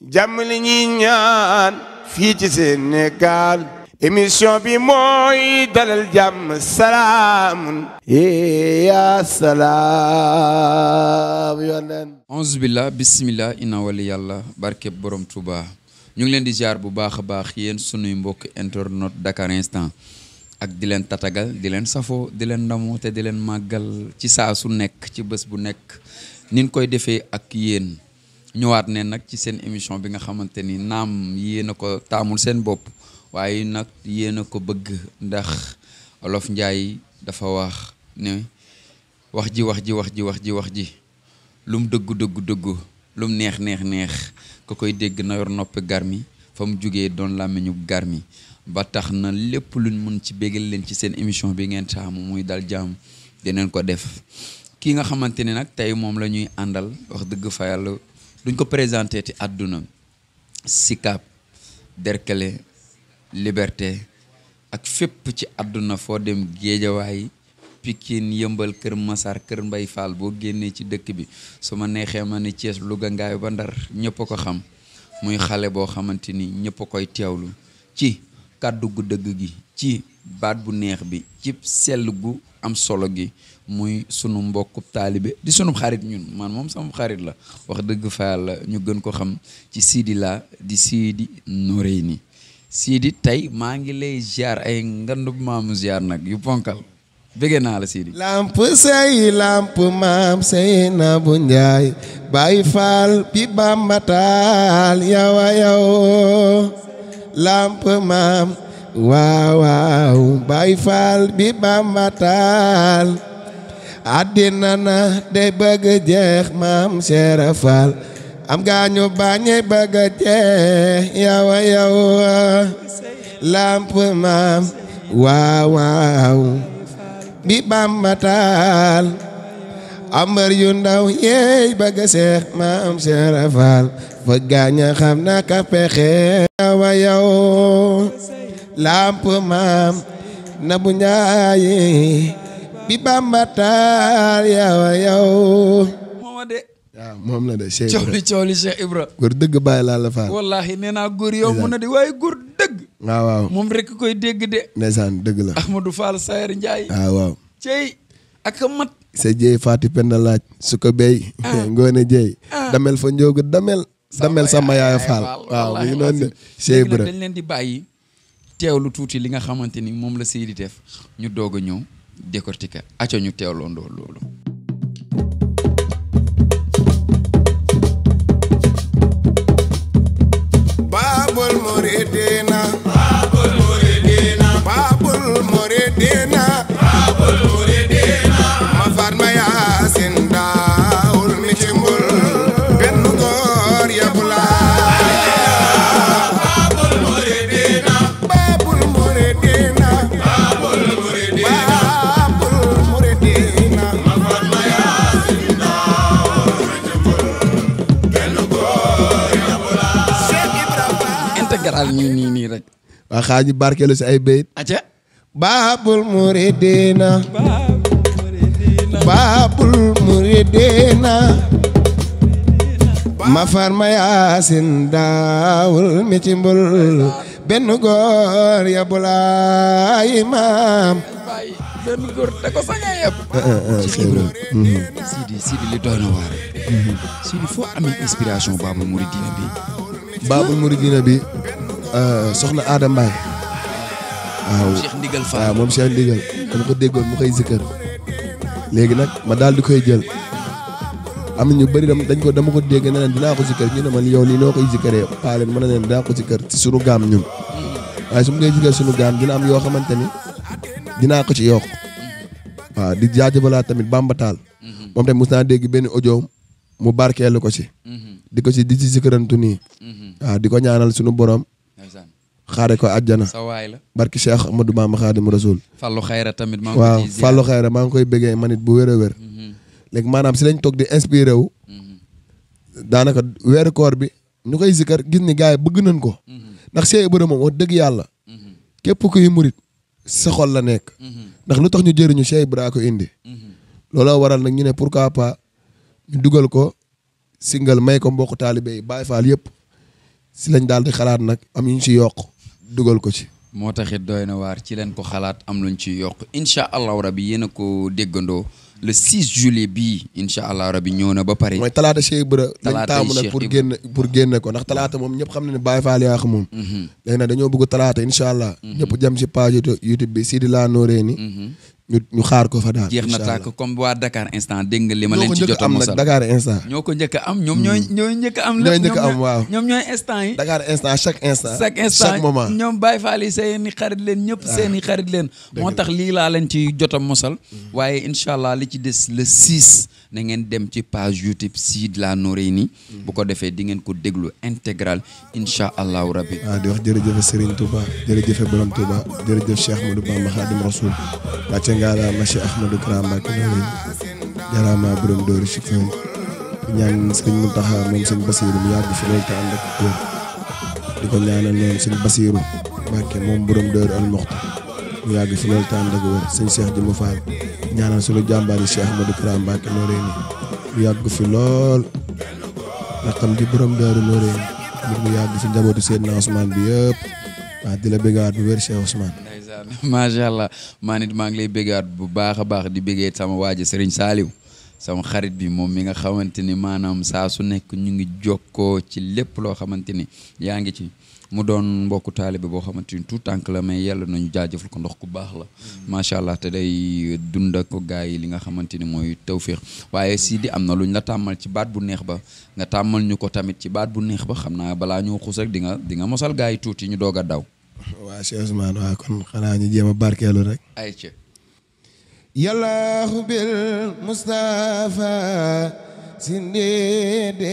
jàmm li ñuy ñaan fii ci Sénégal émission bi mooy dalal jàmm salaam eh, ya salaam yonen onze billah bismillah ina yàlla barkeb borom Touba ñu ngi leen di jaar bu baax a baax yéen sunuy mbokk internet Dakar Instant ak di leen tatagal di leen safo di leen ndamoo te di leen màggal ci saa su nekk ci bés bu nekk nin koy defee ak yéen ñëwaat ne nag ci seen émission bi nga xamante ni naam yéen a ko taamul seen bopp waaye nag yéen a ko bëgg ndax Olof Njaay dafa wax ne wax ji wax ji wax ji wax ji wax ji lum dëgg dëgg dëggu lum neex neex neex ku koy dégg na yor noppi garmi fa mu jógee doon làmmiñu garmi ba tax na lépp luñ mun ci bégal leen ci seen émission bi ngeen taamu muy dal jàmm dinañ ko def ki nga xamante ni nag tey moom la àndal wax dëgg fa duñ ko présenté ti àdduna Sicap Derklé Liberté ak fépp ci àdduna foo dem géejawaay Pikine yëmbal Kër Masar Kër Mbay Fall boo génnee ci dëkk bi su ma neexee ma ne Thiès Louga Ngaay ba Ndar ñëpp a ko xam muy xale boo xamante ni ñëpp a koy teewlu ci kàddu gu dëgg gi ci baat bu neex bi ci sell gu am solo gi muy sunu mbokku taalibe di sunu xarit ñun man moom sam xarit la wax dëgg fa ñu gën ko xam ci Sidi la di Sidi Noreyni Sidi tey maa ngi lay ziar ay ngandub maamu ziar nag yu ponkal bëgg naa la Sidi. lamp say lamp maam say na bu njaay bay faal bi bambataal yow a yow lamp maam. waaw waaw Baay Faal bi Bamba taal àddina na day bëgg jeex maam am gaañu bañe bëgg jeex yawa yawa lamp maam waaw waaw bi Bamba taal ambar yu ndaw yeey bëgg seex maam Seera xam na ka pexe yawa yawa lamp maam Nabou Ndiaye bi Bamba taal yow ah, moom de. la de Cheikh Ibra cooli dëgg bàyyi laa faal. wallaahi nee naa mun na de waaye dëgg. waaw waaw koy dégg de. ndeysaan dëgg la. Ahmadou Fall Sayer Ndiaye. waaw ah, waaw. cey mat. sa jéey Faati Penda laaj. su ko béy. Ah. damel fa njóogu damel. damel sama yaay faal waaw mu ngi noonu Ibra teewlu tuuti li nga xamante ni moom la Seydi def ñu doog a ñëw décortiquer ñu teewloo muridina waa xaa ñu barkeelu ay béyit baabul muridina baabul muridina mafar ma yaasin daawul mi ci mbul benn ya bulaay maam benn eh, eh, eh, mhm. Mhm. li doy na waare. Mhm. foo amee inspiration Baabul Mouridina bi. Euh, soxna Aada Mbaye. waaw Cheikh Ndigal Fall moom Cheikh Ndigal dama ko déggoon mu koy zikkër léegi nag ma daal di koy jël am na ñu bëri dañ ko dama ko dégg ne leen dinaa ko zikkër ñu ne man yow nii noo koy zikkëree paale ma ne leen ko ci sunu gaam ñun waaye su ma koy zikkër sunu gaam dina am yoo xamante ni dinaa ko ci yokk di jaajëfalaat tamit bambataal mhm. moom tamit mos naa dégg benn audio mu barkeelu ko ci mhm. di ko ci di ci zikkërantu nii mhm. di ko ñaanal sunu borom xaare ko àjjana sa waay la barki Cheikh Ahmadou Bamba Xaadimu Rasuul Fallou Xayra tamit maa ngi koy waaw Fallou Xayra maa ngi koy bëggee manit bu wér a wér mhm. léegi maanaam si lañ toog di inspiré wu mhm. daanaka weeru koor bi ñu koy zikkar gis ni gars yi bëgg nañ ko mhm. ndax Cheikh Ibra moom wax dëgg yàlla képp kuy murit sa xol la nekk ndax lu tax ñu jëriñu Cheikh Ibra ko indi looloo waral nag ñu ne pourquoi pas ñu dugal ko singal may ko mbokk taalibe yi Baay Faal yëpp si lañ daal di xalaat nag am ñu ci yokk dugal ko ci. moo taxit doy na waar ci leen ko xalaat am luñ ci yokk incha allahu rabi yéen a ko déggandoo le 6 juillet bii incha allah rabi ñëw na ba pare. mooy talaata Cheikh Ibra. lañ taamu nag pour génne ko ndax talaata moom ñëpp xam na ne Baye Fall yaa ko moom. Mm-hmm. léegi nag dañoo bëgg talaata incha allah. Mm-hmm. ñëpp jëm si page YouTube bi Sidy La Noreyni. Mm-hmm. ñu ñu xaar ko fa daal jeex na tàkk comme waa Dakar instant dégg nga li ma leen ci jot a am nag ko njëkk am ñoom ñooy hmm. ñooy njëkk a am lépp ñooy a am waaw ñoom ñooy instant yi ñoom Baye Fall yi seen i xarit leen ñëpp ah. seen i xarit leen moo tax lii laa leen ci jot a hmm. waaye incha allah li ci des le 6 na ngeen dem ci page YouTube Sidy-la Noreyni bu ko defee di ngeen ko déglu intégral incha allahu rabbi ah, di wax jërëjëf Serigne Touba jërëjëf Borom Touba jërëjëf Cheikh Ahmadou Bamba Khadim Rasoul wàcce ngaala ma Cheikh Ahmadou Kara Mbacké Noreyni jaraama borom dóori si kaw ñaan Serigne Mountakha moom Serigne Bassirou mu yàgg fi loolu te di ko ñaanal noonu Serigne Bassirou Mbacké moom borom dóori al moxta mu yàgg fi loolu tànn dëgg wër sëñ Cheikh Jëmb Fall ñaanal sunu jàmbaari Cheikh Ahmadou Kara Mbacké Noreyni mu yàgg fi lool ndax tam di borom daaru Noreyni ngir mu yàgg fi njabootu Seydina Ousmane bi yëpp waaw di la bëggaat bu wér Cheikh Ousmane. macha allah maa nit maa ngi lay bëggaat bu baax a baax di bëggee sama waa ji Serigne sama xarit bi moom mi nga xamante ni maanaam saa su nekk ñu ngi jokkoo ci lépp loo xamante ni yaa ngi ci. mu doon mbokku taalibe boo xamante ni tout tànk la mais yàlla nañu jaajëfal ko ndox ku baax la mm. macha allah te day dund ak gars yi li nga xamante ni mooy tawféex waaye mm. si di am na luñ la tàmmal ci baat bu neex ba nga tàmmal ñu ko tamit ci baat bu neex ba xam naa balaa ñoo xus rek di nga di nga mosal gars yi tuuti ñu doog a daw. waa Cheikh Ousmane waa kon xanaa ñu jéem a barkeelu rek. ay ci yàllaahu bil Mustafa sindi de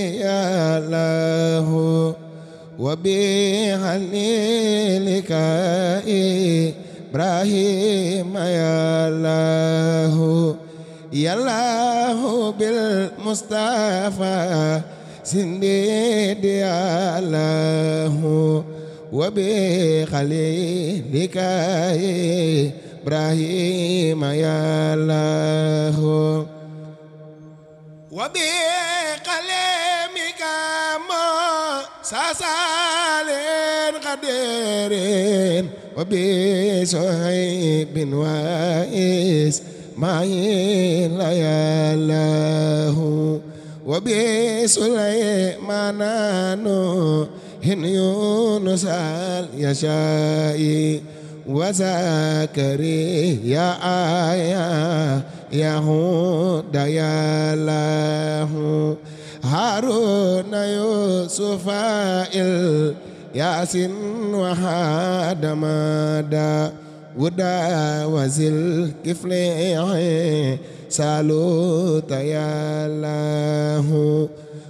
وبحليلك إبراهيم يا الله يا الله بالمصطفى سنديد يا الله وبخليلك إبراهيم يا الله وبخليلك ساسالين قديرين وبسعيب وائس معي لياله وبسليمان هن يونس اليشائي وزكريا آيا يهود يا له haruna yusufa il yasin wa hadamada wuda wazil kifli saluta yallahu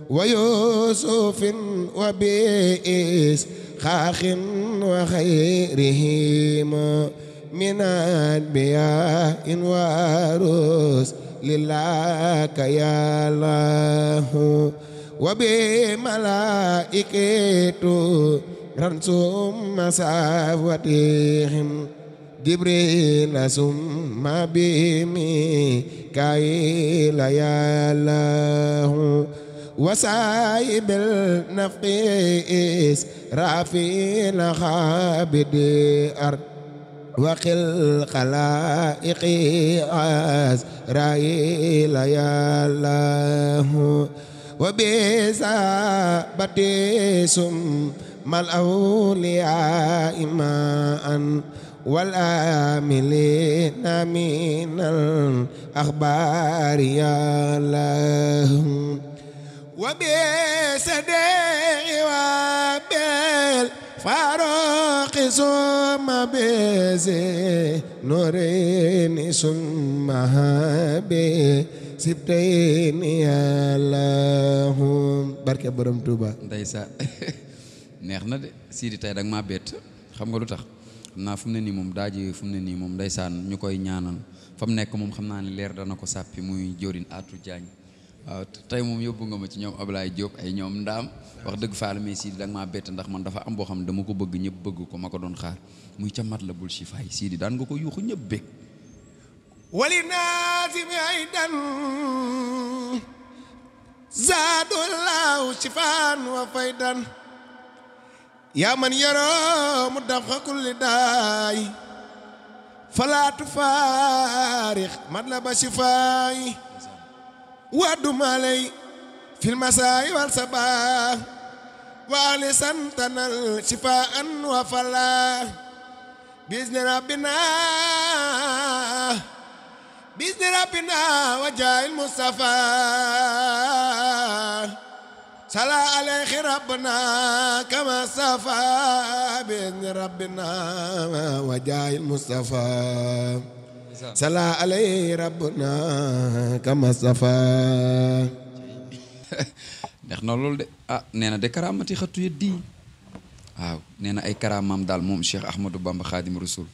wa yusufin wa biis xaaxin wa xayrihima minat biya in warus lillaaka yallaahu wa bi malaa'ikatu ransumma saawatihim jibrila summa bi mikaayila yallaahu wa saayibil nafis raafina xaabidi ard waqil xalaa'iqi Israa'iila yallaahu wa bisabati sum mal awliyaa imaan wal aamiliina minal axbaari yallaahu wa bisadee wa bel فاروق ثم بزي نورين ثم هابي سبتين يا الله barke borom Touba ndeysa neex na de Sidi tey dag maa bett xam nga lu tax xam naa fu ne nii moom daaji fu mu ne nii moom ndeysaan ñu koy ñaanal fa mu nekk moom xam naa ne leer dana ko sàppi muy jóorin Atou Diagne waaw tey moom yóbbu nga ma ci ñoom Ablaye Diop ay ñoom ndaam wax dëgg faala mais Sidi maa bett ndax man dafa am boo xam ne dama ko bëgg ñëpp bëgg ko ma ko doon xaar muy ca mat la bul si faay Sidi daan nga ko sifaan wa faydan yaa man yaroomu dafa kulli daay falaatu faarix mat la ba si وأدم علي في المساء والصباح وألسن تنل شفاء وفلاح بإذن ربنا بإذن ربنا وجاء المصطفى صلى عليه ربنا كما صفى بإذن ربنا وجاء المصطفى sala alay rabbuna kama safa neex na loolu de ah nee na de karaamati xattu ya waaw nee ay karaamaam daal moom Cheikh Ahmadou Bamba Khadim Rasoul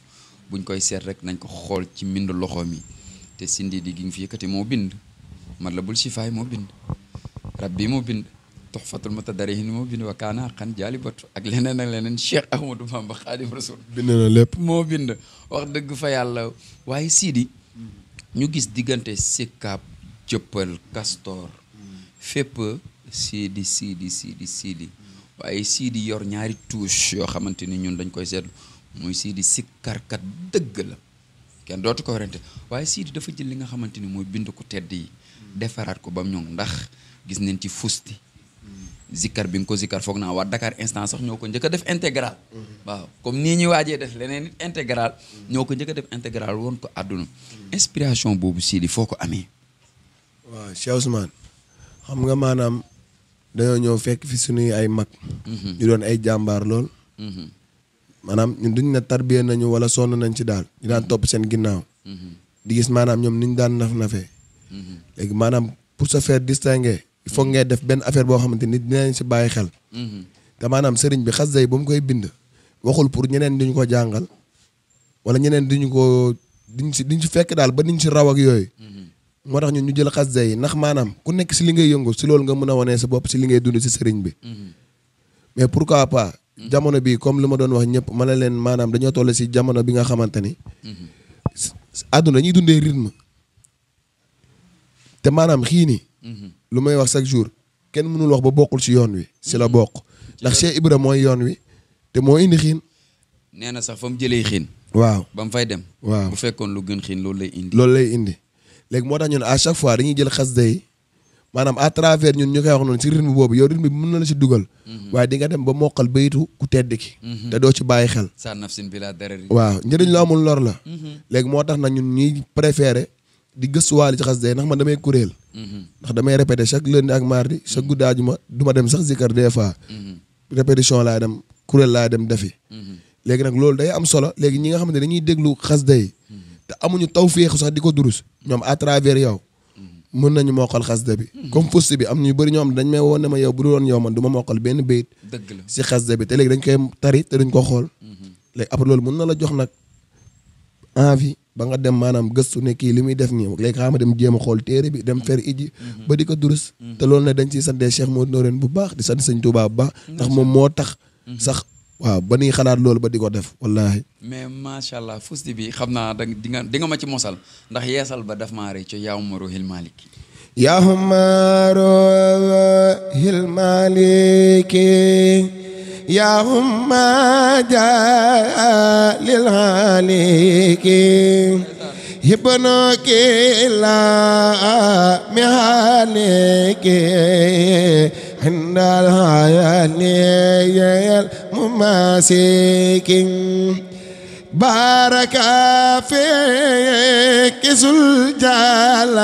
buñ koy seet rek nañ ko xool ci mbind loxo mi te sindi di gi nga moo bind mat la bul sifaay moo bind rab bi moo bind tuxfatul mutadarihin moo bind wa kaana xan jaalibatu ak leneen ak leneen Cheikh Ahmadou Bamba Xaadim Rasul bind na lépp moo bind wax dëgg fa yàlla waaye siidi ñu gis diggante Sicap Jëppal Castor fépp Sidi Sidi Sidi Sidi waaye Sidi yor ñaari touche yoo xamante ni ñun dañ koy seetlu muy Sidi sikkarkat dëgg la kenn dootu ko werante waaye Sidi dafa jël li nga xamante ni mooy bind ko tedd yi defaraat ko ba mu ñoŋ ndax gis nañ ci fusti zikkar bi ko zikkar foog naa waa Dakar instant sax ñoo ko njëkk a def intégral waaw comme nii ñuy waajee def leneen integral ñoo ko njëkk a def integral woon ko àdduna inspiration boobu Sidy foo ko amee waaw Cheikh Ousmane xam nga maanaam dañoo ñëw fekk fi suñuy ay mag mhm. ñu doon ay jàmbaar lool mhm. maanaam ñun duñ na tarbiya nañu wala sonn nañ ci daal ñu daan mhm. topp seen ginnaaw di gis maanaam ñoom niñ daan naf nafe léegi maanaam pour se faire il faut ngay def benn affaire boo xamante ni dinañ si bàyyi xel. Mhm. te maanaam sëriñ bi xasida yi ba mu koy bind. waxul pour ñeneen duñ ko jàngal wala ñeneen di duñu ko duñ si duñ si fekk daal ba niñ si raw ak yooyu. Mhm. moo tax ñun ñu jël xasida yi ndax maanaam ku nekk si li nga yëngu si loolu nga mën a wane sa bopp si li ngay dund si sëriñ bi. Mhm. mais pourquoi pas. jamono bi comme li ma doon wax ñëpp ma ne leen maanaam dañoo toll si jamono bi nga xamante ni. àdduna dañuy dundee rythme. maanaam xii lu may wax chaque jour kenn mënul wax ba bokkul ci yoon wi ci la mm-hmm. bokk ndax Cheikh Ibra mooy yoon wi te moo indi xiin nee na sax fa mu jëlee xiin waaw ba mu fay dem waaw bu fekkoon lu gën xiin loolu lay indi loolu lay indi léegi moo tax ñun à chaque fois dañuy jël xasida yi maanaam a travers ñun ñu koy wax noonu ci rythme boobu yow rythme bi na la si dugal mm-hmm. waaye di nga dem ba mokkal bayitu ku tedd ki mm-hmm. te doo ci bàyyi xel sa nafsin bila darari waaw njëriñ la amul lor la léegi moo tax na ñun ñuy préféré di gëstuwaale ci xas yi ndax ma damay kuréel. Mhm. ndax damay répété chaque lundi ak maar chaque mhm. guddi àjjuma du ma dem sax zikkar des fois. Mhm. répétition laa dem kuréel laa dem defi. léegi nag loolu day am solo léegi ñi nga xam ne dañuy déglu xas yi te amuñu tawféex sax di ko durus ñoom à travers yow. mën nañu mokkal xasida bi. comme fust bi am ñu bëri ñoo xam dañ may woon ne ma yow bu dul woon yow man du ma mokkal benn béyit. dëgg la si xasida bi te léegi dañ koy tari te duñ ko xool. loolu mën na la jox nag envie. ba nga dem maanaam gëstu ne kii li muy def nii léegi xaama dem jéem a xool téere bi dem fer iji mhm. ba di ko durus mhm. te loolu ne dañ ciy santee Cheikh Modou Noreen bu baax di sant sëñ Tuubaa bu baax mhm. ndax moom moo tax sax waaw ba nuy xalaat loolu ba di ko def wallaahi mais macha allah fusti bi xam naa da di nga di ma ci mosal ndax yeesal ba daf maa rëcc yaa umaru hil malik yaa umaru hil malik يا هم جاء للهالك ابنك لا مهالك عند الهالي المماسك بارك فيك ذو الجلال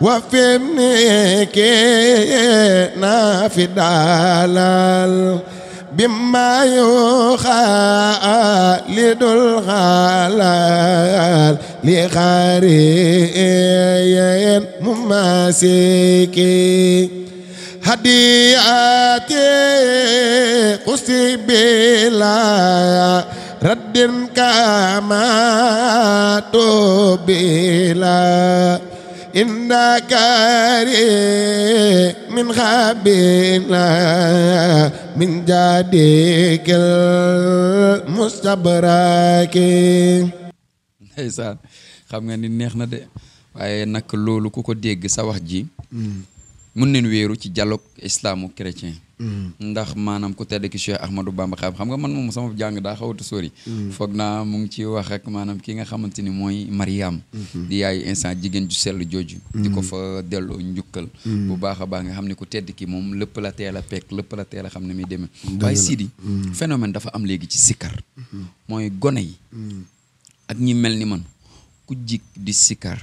وفمك نافد على بما يخالد الخلال لخارين مماسكي هدياتي قصي بلا رد كما تبلا نكاري من خبينا من جاديك المستبرك ndeysaan xam nga ni neex na de waaye nag loolu ku ko dégg sa wax ji mun neen wéeru ci dialogue islamu chrétien mm. ndax maanaam ku tedd ki Cheikh Ahmadou Bamba xam nga man moom sama jàng daa xawatu sori mm. foog naa mu ngi ci wax ak maanaam ki nga xamante ni mooy Mariam mm-hmm. di yaayu instant jigéen ju sell jooju di ko mm. fa delloo njukkal bu baax a baax nga xam ne ku tedd ki moom lépp la teel pek pekk lépp la teel xam ne muy demee waaye siidi phénomène dafa am léegi ci sikkar mm-hmm. mooy gone yi ak ñi mel ni man ku jig di sikkar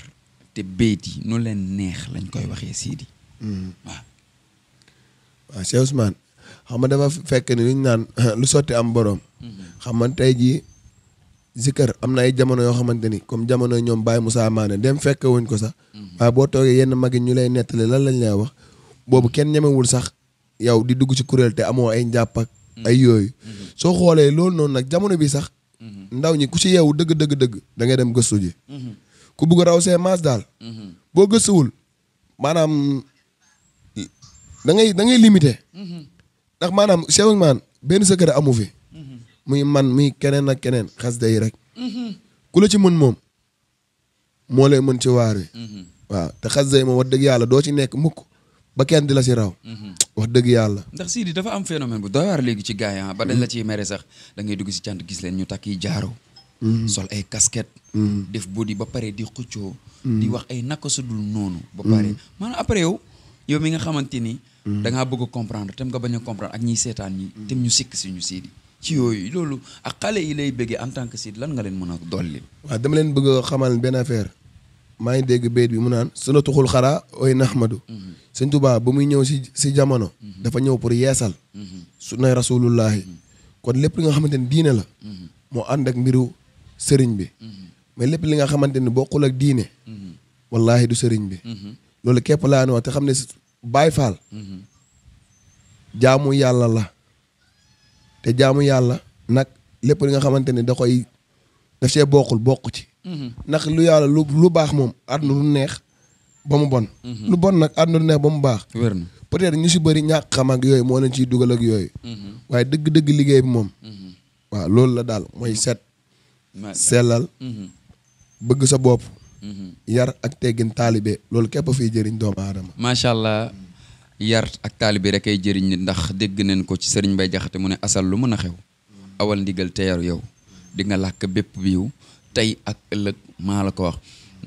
te béyt yi nu leen neex lañ koy waxee Sidi Mm. waaw. waaw Cheikh xam nga dafa fekk ni ñu naan lu sotti am boroom mm-hmm. xam man tey jii zikkër am na ay jamono yoo xamante ni comme jamono ñoom Baye Moussa Mané dem fekk wuñ ko sax. Mm-hmm. waaye boo toogee yenn mag yi ñu lay nettali lan lañ lay wax boobu kenn ñemewul sax yow di dugg ci kuréel te amoo ay njàpp ak mm-hmm. ay yooyu. soo xoolee loolu noonu nag jamono bi sax. ndaw ñi ku ci yeewu dëgg dëgg dëgg da dem gëstu ji. ku bugg raw see maas daal. boo gëstuwul maanaam. da ngay da ngay limité. Mhm. ndax maanaam Cheikh Ousmane benn secret amu fi. Mhm. muy man muy keneen ak keneen xas day rek. Mhm. ku la ci mën moom moo lay mën ci waar waaw te xas day moom wax dëgg yàlla doo ci nekk mukk ba kenn di la si raw. wax dëgg yàlla. ndax Sidi dafa am phénomène bu doy waar léegi ci gars yi ah, ba dañ la ciy mere sax dangay ngay dugg si cant gis leen ñu takk yi jaaro. sol ay casquette. def body ba pare di xëccoo. di wax ay naka su dul noonu. ba pare maanaam après nga xamante ni. Mm-hmm. da ngaa bëgg a comprendre tem nga bañ a comprendre ak ñiy seetaan ñi mm-hmm. tem ñu sikk si ñu siidi ci yooyu loolu ak xale yi lay bëggee en tant que siid lan nga leen mën a dolli waaw maa ngi dégg béyt bi mu naan suna tuxul xaraa ooy naxmadu mm-hmm. sëñ Tuubaa ba muy ñëw si si jamono dafa ñëw pour yeesal sunnay rasulullahi kon lépp li nga xamante ni diine la moo ànd ak mbiru sëriñ bi mais lépp li nga xamante ni bokkul ak diine wallaahi du sëriñ bi loolu képp laa ne wax xam ne Baay Faal mm-hmm. jaamu yàlla la te jaamu yàlla nag lépp li nga xamante ni da koy daf see bokkul bokk ci mm-hmm. ndax lu yàlla lu lu baax moom àdduna du neex ba mu bon mm-hmm. lu bon nag àdduna du neex ba mu baax peut-être ñu si bari ñàkk xam ak yooyu moo leen ciy dugal ak yooyu waaye dëgg-dëgg liggéey bi moom waaw loolu la daal mooy set sellal bëgg sa bopp yar ak teggin taalibe loolu képp fi jëriñ doomu aadama macha allah yar ak taalibe rek ay jëriñ nit ndax dégg nañ ko ci sëriñ bay Jaxate mu ne asal lu mën a xew awal ndigal te yaru yow di nga làkk bépp biiw tey ak ëllëg maa la ko wax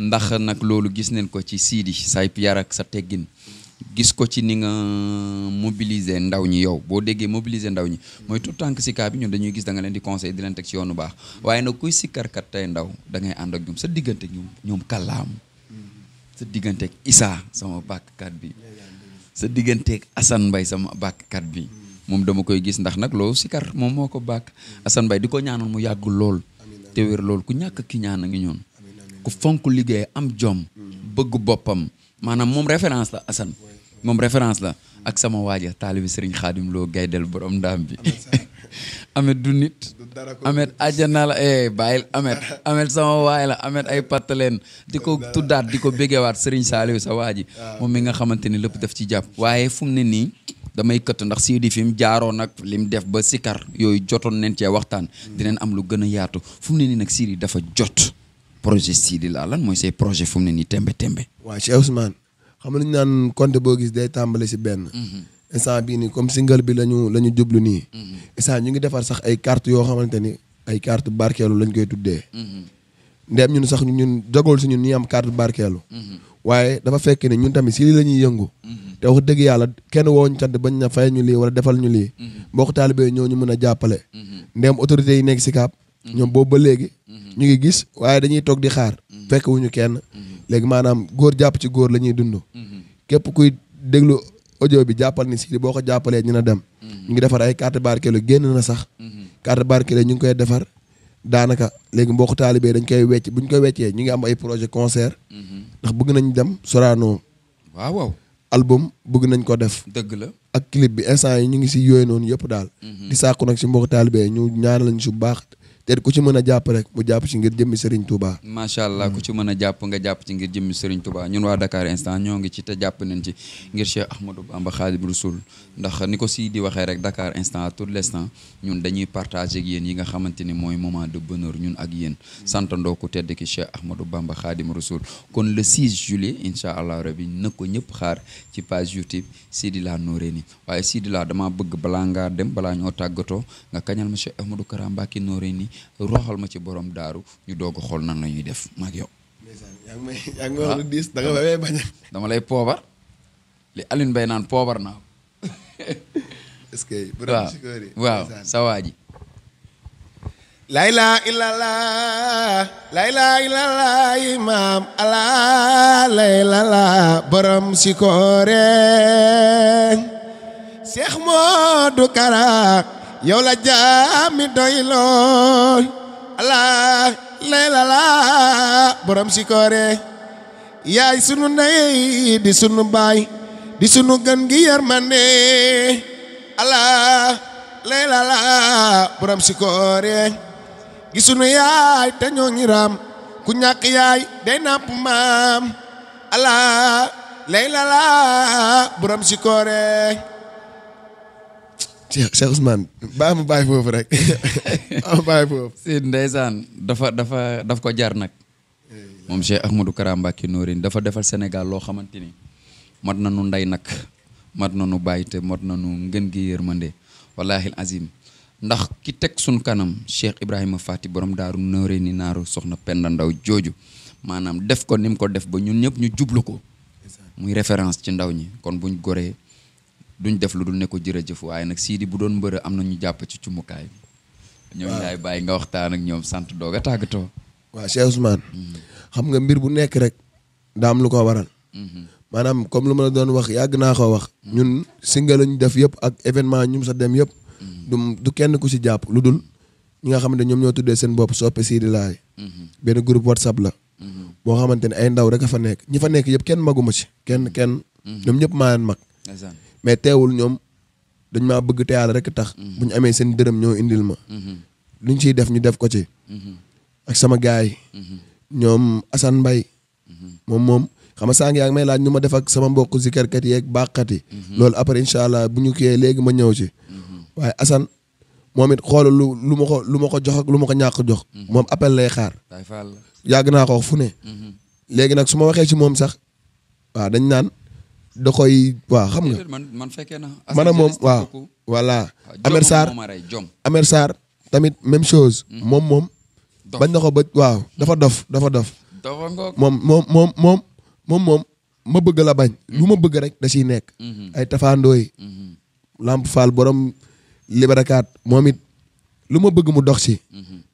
ndax nag loolu gis nañ ko ci siidi say yar ak sa teggin gis ko ci ni nga ndaw ñi yow boo déggee mobiliser ndaw ñi mooy tout temps que sikkaa bi ñun dañuy gis danga leen di conseil di leen teg ci yoonu baax waaye nag kuy sikkarkat tey ndaw da ngay ànd ak ñoom sa diggante ñoom ñoom kàllaam sa digganteeg Issa sama bàkkkat bi sa digganteeg Assane Mbaye sama bàkkkat bi moom dama koy gis ndax nag loolu sikar moom moo ko bàkk Assane Mbaye di ko ñaanal mu yàgg lool te wér lool ku ñàkk ki ñaan a ngi ñoon ku fonk liggéey am jo moom référence la ak sama waaja taalibi Serigne Khadim Lo gaydel borom ndaam bi Amet du nit Amet àjjana la eh bàyyil Amet Amet sama waay la Amet ay pàttaleen di ko tuddaat di ko bégewaat Serigne Saliou sa waa ji ah. moom mi nga xamante ni lépp daf ci jàpp waaye fu mu ne nii damay këtt ndax Sidi fi mu jaaroon ak li mu def ba sikar yooyu jotoon nañ cee waxtaan hmm. dinañ am lu gën a yaatu fu mu ni nii nag Sidi dafa jot projet Sidi laa lan mooy se projet fu mu ne nii tembe xam nga ñu naan compte boo gis day tàmbali si benn. Mhm. instant bii nii comme single bi lañu la ñu jublu nii. Mhm. instant ñu ngi defar sax ay carte yoo xamante ni ay cartes barkeelu lañ koy tuddee. Mhm. ndeem ñun sax ñu ñun dogal si ñu ñu am carte barkeelu. waaye dafa fekk ne ñun tamit si la ñuy yëngu. te dëgg yàlla kenn woo ñu cant bañ na fay ñu lii wala defal ñu lii. mbokk taalibe ñoo ñu mën a jàppale. ndeem autorité yi nekk si Sicap. ñoom boobu ba léegi. ñu ngi gis waaye dañuy toog di xaar. fekk ñu kenn. léegi maanaam góor jàpp ci góor la ñuy dund. Mhm. képp kuy déglu audio bi jàppal ni Sidy boo ko jàppalee ñu na dem. Mhm. ñu ngi defar ay carte barkeelu génn na sax. Mhm. carte barkeelu ñu ngi koy defar daanaka léegi mbokk taalibe dañ koy wecc bu ñu koy weccee ñu ngi am ay projet concert. ndax bëgg nañ dem Sorano. waaw waaw album bëgg nañ ko def. dëgg la ak clip bi instant yi ñu ngi si yooyu noonu yëpp daal. di sàkku nag si mbokk taalibe ñu ñaanal lañu si bu baax te ku ci mën a jàpp rek mu jàpp ci ngir jëmmi Serigne Touba. macha allah ku ci mën a jàpp nga jàpp ci ngir jëmmi Serigne Touba ñun waa Dakar instant ñoo ngi ci te jàpp nañ ci ngir Cheikh Ahmadou Bamba Khadim Rasoul ndax ni ko si di waxee rek Dakar instant tout l'instant ñun dañuy partager ak yéen yi nga xamante ni mooy moment de bonheur ñun ak yéen. santandoo ku tedd ki Cheikh Ahmadou Bamba Khadim Rasoul kon le 6 juillet incha allah rabi nak ko ñëpp xaar ci page YouTube Sidi La Noreyni waaye Sidi La damaa bëgg balaa ngaa dem balaa ñoo tàggatoo nga kañal ma Cheikh Ahmadou Kara Mbacké Noreyni roxal ma ci borom daaru ñu doog a xool nan la ñuy def maag yow. yaa ngi may diis da nga may bañ ah, dama lay poobar li Alioune Mbaye naan poobar naa ko. est-ce que. waaw layla illallah borom sikoore Cheikh Modou Kara yow la jaami doyloo allah layla la borom sikoore yaay sunu ndey di sunu baay di sunu gën gi yërmande allah layla la borom sikoore gi sunu yaay te ngi raam ku ñàkk yaay day napp maam allah layla la borom sikoore Cheikh Cheikh Ousmane baax ma bàyyi foofu rek ma bàyyi foofu. si ndeysaan dafa dafa daf ko jaar nag. moom Cheikh Ahmadou Kara Mbacké Noreyni dafa defal Sénégal loo xamante ni mat na nu ndey nag mat na nu bàyyi te mat na nu ngën gi yërmande wallaahi azim ndax ki teg sunu kanam Cheikh Ibrahima Fati borom daaru Noreyni naaru soxna Penda Ndaw jooju maanaam def ko ni ko def ba ñun ñëpp ñu jublu ko. muy référence ci ndaw ñi kon buñ goree. duñ def lu dul ne ko jërëjëf waaye nag siidi bu doon mbër am na ñu jàpp ci cumukaay bi. ñoom yaay nga waxtaan ak ñoom sant doog a tàggatoo. waa Cheikh Ousmane. Mm-hmm. xam nga mbir bu nekk rek. daa am lu ko waral. Mm-hmm. maanaam comme lu ma la doon wax yàgg naa ko wax. Mm-hmm. ñun single lañu def yëpp ak événement ñu sa dem yëpp. du du kenn ku si jàpp lu dul ñi nga xam ne ñoom ñoo tuddee seen bopp soppe Sidi Laay. benn groupe WhatsApp la. boo xamante ne ay ndaw rek a fa nekk ñi fa nekk yëpp kenn maguma ci kenn kenn. ñoom ñëpp maa leen mag. mais teewul ñoom dañ maa bëgg te yàlla rek tax. Mhm. bu ñu amee seen dërëm ñoo indil ma. Mhm. lu ñu ciy def ñu def ko ci. Mhm. ak sama gaay yi. ñoom Assane mbay moom moom xam nga sànq yaa ngi laaj ñu ma def ak sama mbokk zikarkat yeeg baaxkat yi. loolu après incha allah bu ñu kiyee léegi ma ñëw ci. waaye Assane moom it xoolal lu lu ma ko lu ma ko jox ak lu ma ko ñàkk jox. moom appel lay xaar. yàgg naa ko fu ne. léegi nag su ma waxee ci moom sax waaw dañ naan. da koy waaw xam nga. man man fekkee na. maanaam moom waaw voilà. Amer Sarr Amer Sarr tamit même chose. Hmm. moom moom. bañ na ko ba waaw dafa dof dafa dof. dafa moom moom moom ma bëgg la bañ. lu ma hmm. bëgg rek da ciy nekk. Hmm. ay tafandooy. Lamp Fall borom Liberakaat moom it lu ma bëgg mu dox ci.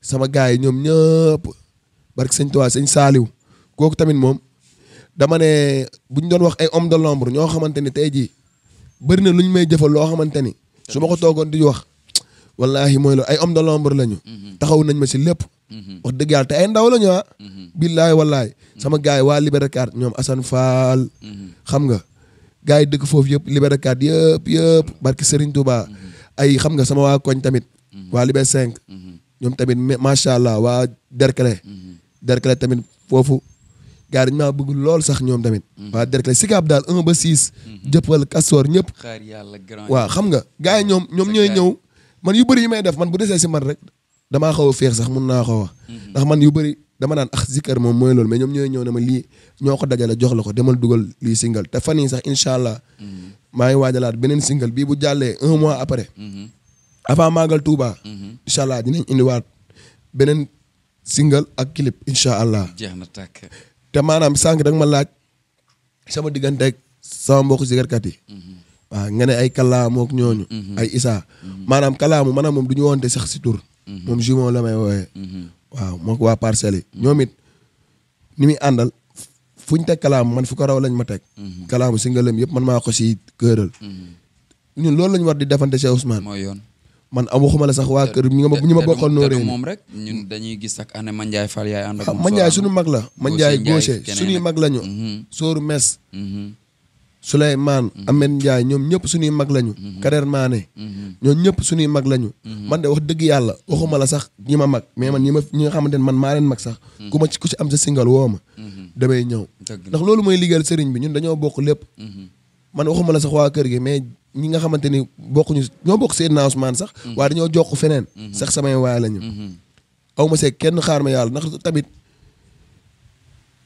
sama gars yi ñoom ñëpp barke sëñ Tuubaa sëñ Saaliw kooku tamit moom. dama ne bu ñu doon wax ay homme de lembre ñoo xamante ni tey jii bëri na lu ñu may jëfal loo xamante ni su ma ko toogoon di wax wallahi mooy la ay homme de l'ombre lañu. Mhm. taxaw nañ ma si lépp. Mhm. wax dëgg yàlla te ay ndaw lañu ah. Mhm. billaay wallaay sama gars yi waa Liberté 4 ñoom Assane Fall. xam nga gars yi dëkk foofu yëpp Liberté 4 yëpp yëpp barki Serigne Touba. ay xam nga sama waa koñ tamit. waa Liberté cinq ñoom tamit macha allah waa Derklé. Derklé tamit foofu. gaar dañu maa bëgg lool sax ñoom tamit. Mm. waa direct la Sicap daal 1 ba 6. Mm-hmm. jëppal Kastoor ñëpp. xaar yàlla grand waaw xam nga gars ñoom ñoom ñooy ñëw. man yu bëri yi may def man bu desee si man rek dama xaw a féex sax mun naa ko wax. Mm-hmm. ndax man yu bëri dama naan ax ah, zikkar moom mooy lool mais ñoom ñooy ñëw na ma lii ñoo ko dajale jox la ko demal dugal lii singal te fan yii sax incha allah. Mm-hmm. maa ngi waajalaat beneen single bii bu jàllee un mois après. avant Magal Touba. incha allah dinañ indiwaat beneen single ak clip incha allah. jeex na tàkk. te maanaam sànq da ma laaj sama diggante ak sama mbokku sikarkat yi. waaw nga ne ay kalaamook ñooñu. Mhm. ay isaa mhm. maanaam kalaamu maanaam moom du ñu wonte sax si tur. Mhm. moom jumeau la may wooyee. waaw moo ko waa parcelles yi. ñoom it ni muy àndal fu ñu teg kalaamu man fu ko raw lañ ma teg. kalaamu si ngalam yëpp man maa ko si këral. ñun loolu lañ war di defante si Ousmane. mooy yoon. man am waxuma la sax waa kër ñi ma ñi ma bokkoon nooree moom rek ñun dañuy gis ak année Mandiaye Fall yaay ànd ak ah, Mandiaye suñu mag la Mandiaye gauche suñuy mag lañu mhm. sóoru mes mhm. Souleymane mhm. Ahmed Ndiaye ñoom ñëpp suñuy mag lañu Kader Mané ñoom ñëpp suñuy mag lañu man de wax dëgg yàlla waxuma la sax ñi ma mag mais man ñi ma ñi nga xamante ne man maa leen mag sax ku ma ku ci am sa single woo ma damay ñëw ndax loolu mooy liggéeyal sëriñ bi ñun dañoo bokk lépp man waxuma la sax waa kër gi mais ñi nga xamante ni bokkuñu ñoo bokk Seydina Ousmane sax. Mhm. waaye dañoo jokk feneen. Mhm. sax samay waay lañu. Mhm. aw ma see kenn xaar ma yàlla ndax tamit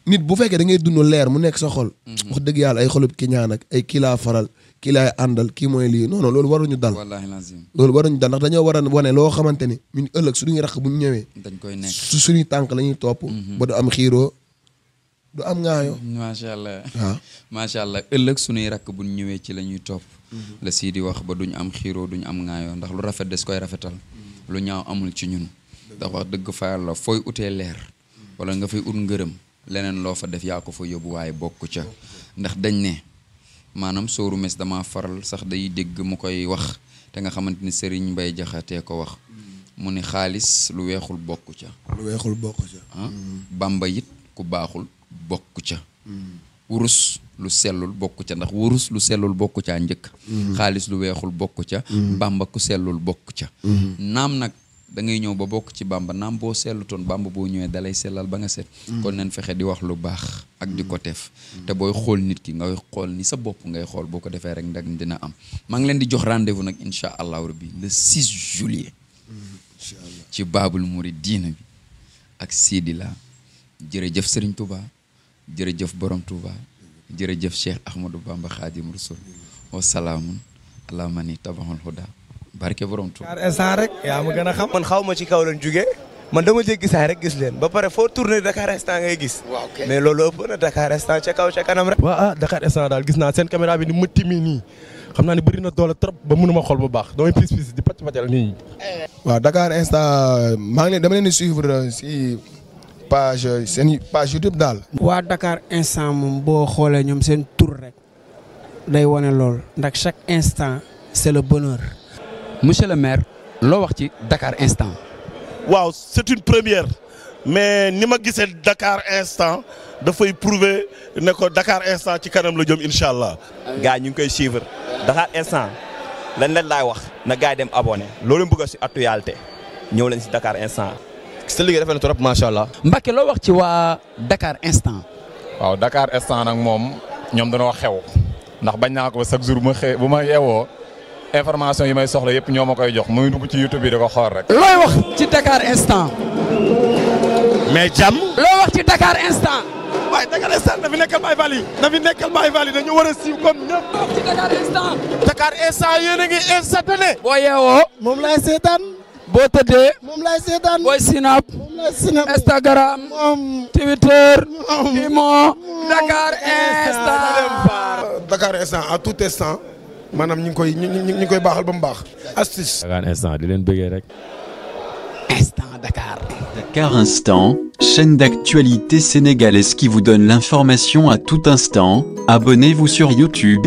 nit bu fekkee da ngay dund leer mu nekk sa xol. wax dëgg yàlla ay xolub ki ñaanak ak ay kila laa faral kii laay kii mooy lii noonu non loolu waruñu ñu wallaahi lazim loolu waruñu dal ndax dañoo war a wane loo xamante ni ñun ëllëg suñuy raq bu ñu ñëwee. dañ koy nekk su suñuy tànk la ñuy topp. ba am xiiroo du am ngaayo macha allah waaw ah. macha allah ëllëg suñuy rakk buñ ñëwee ci la ñuy topp mhm. la sii di wax ba duñ am xiiro duñ am ngaayo ndax lu rafet des koy rafetal mhm. lu ñaaw amul ci ñun ndax wax dëgg fa yàlla fooy utee leer mhm. wala nga fay ut ngërëm leneen loo fa def yaa ko fa yóbbu waaye bokk ca ndax dañ ne maanaam sóoru mes dama faral sax day dégg mu koy wax te nga xamante ni Serigne Mbaye Jaxate ko wax mu ni xaalis lu weexul bokk ca lu weexul bokk ca ah it ku baaxul bokk ca wurus lu sellul bokk ca ndax wurus lu sellul bokk caa njëkk xaalis lu weexul bokk ca bàmba ku sellul bokk ca naam nag dangay ñëw ba bokk ci bàmba naam boo sellutoon bàmba boo ñëwee dalay sellal ba nga set kon nañ fexe di wax lu baax ak di ko teef te booy xool nit ki ngay xool ni sa bopp ngay xool boo ko defee rek ndag dina am maa ngi leen di jox rendez-vous nag incha allahu rabbi le 6 juillet ci baabul muridina bi ak Sidi la jërëjëf Serigne Touba jërëjëf borom Touba jërëjëf Cheikh Ahmadou Bamba Khadim Rasoul wa ma ala mani tabahul huda barke borom Touba. instant rek yaa ma gën a xam. man xaw ma ci kaw leen jugee man dama jéggi saa rek gis leen ba pare foo tourné Dakar instant ngay gis. mais loolu kaw ca kanam rek. waaw ah daal gis naa seen caméra bi ni mu timi xam naa ne bëri na doole trop ba mënuma xool bu baax damay pis pis di pàcc pàccal nii. waaw Dakar instant maa ngi leen dama leen di suivre page seen i page YouTube daal. waa dakaar instant moom boo xoolee ñoom seen tur rek day wane lool ndax chaque instant c'est le bonheur. monsieur le maire loo wax ci Dakar instant. waaw c'est une première mais ni ma gisee dakaar instant dafay prouver ne dakaar Dakar instant ci kanam la jom incha allah. gars ñu ngi koy suivre Dakar instant lan leen laay wax na gars dem abone loolu bëgg si actualité ñëw lañ si dakaar instant. sa liggéey rafet na trop macha allah. Mbacke loo wax ci waa Dakar instant. waaw Dakar instant nag moom ñoom dañoo xew ndax bañ naa ko chaque jour bu ma xee information yi may soxla yëpp ñoo ma koy jox muy dugg ci YouTube bi da ko xool rek. looy wax ci Dakar instant. mais jàmm. loo wax ci Dakar instant. waaye Dakar instant dafi nekkal Baye Fall yi dafi nekkal war a siiw comme ñëpp. wax ci Dakar instant. Dakar instant yéen a ngi instantané. boo yeewoo moom laay seetaan. boo tëddee. moom lay seetaan booy sinap. Instagram. Twitter. Imo. Dakar instant. Dakar instant à tout instant. maanaam ñu ngi koy ñu ngi ba mu baax. astuce. Dakar instant di leen bëggee rek. Instant Dakar. Dakar instant, chaîne d'actualité sénégalaise qui vous donne l'information à tout instant. Abonnez-vous sur YouTube.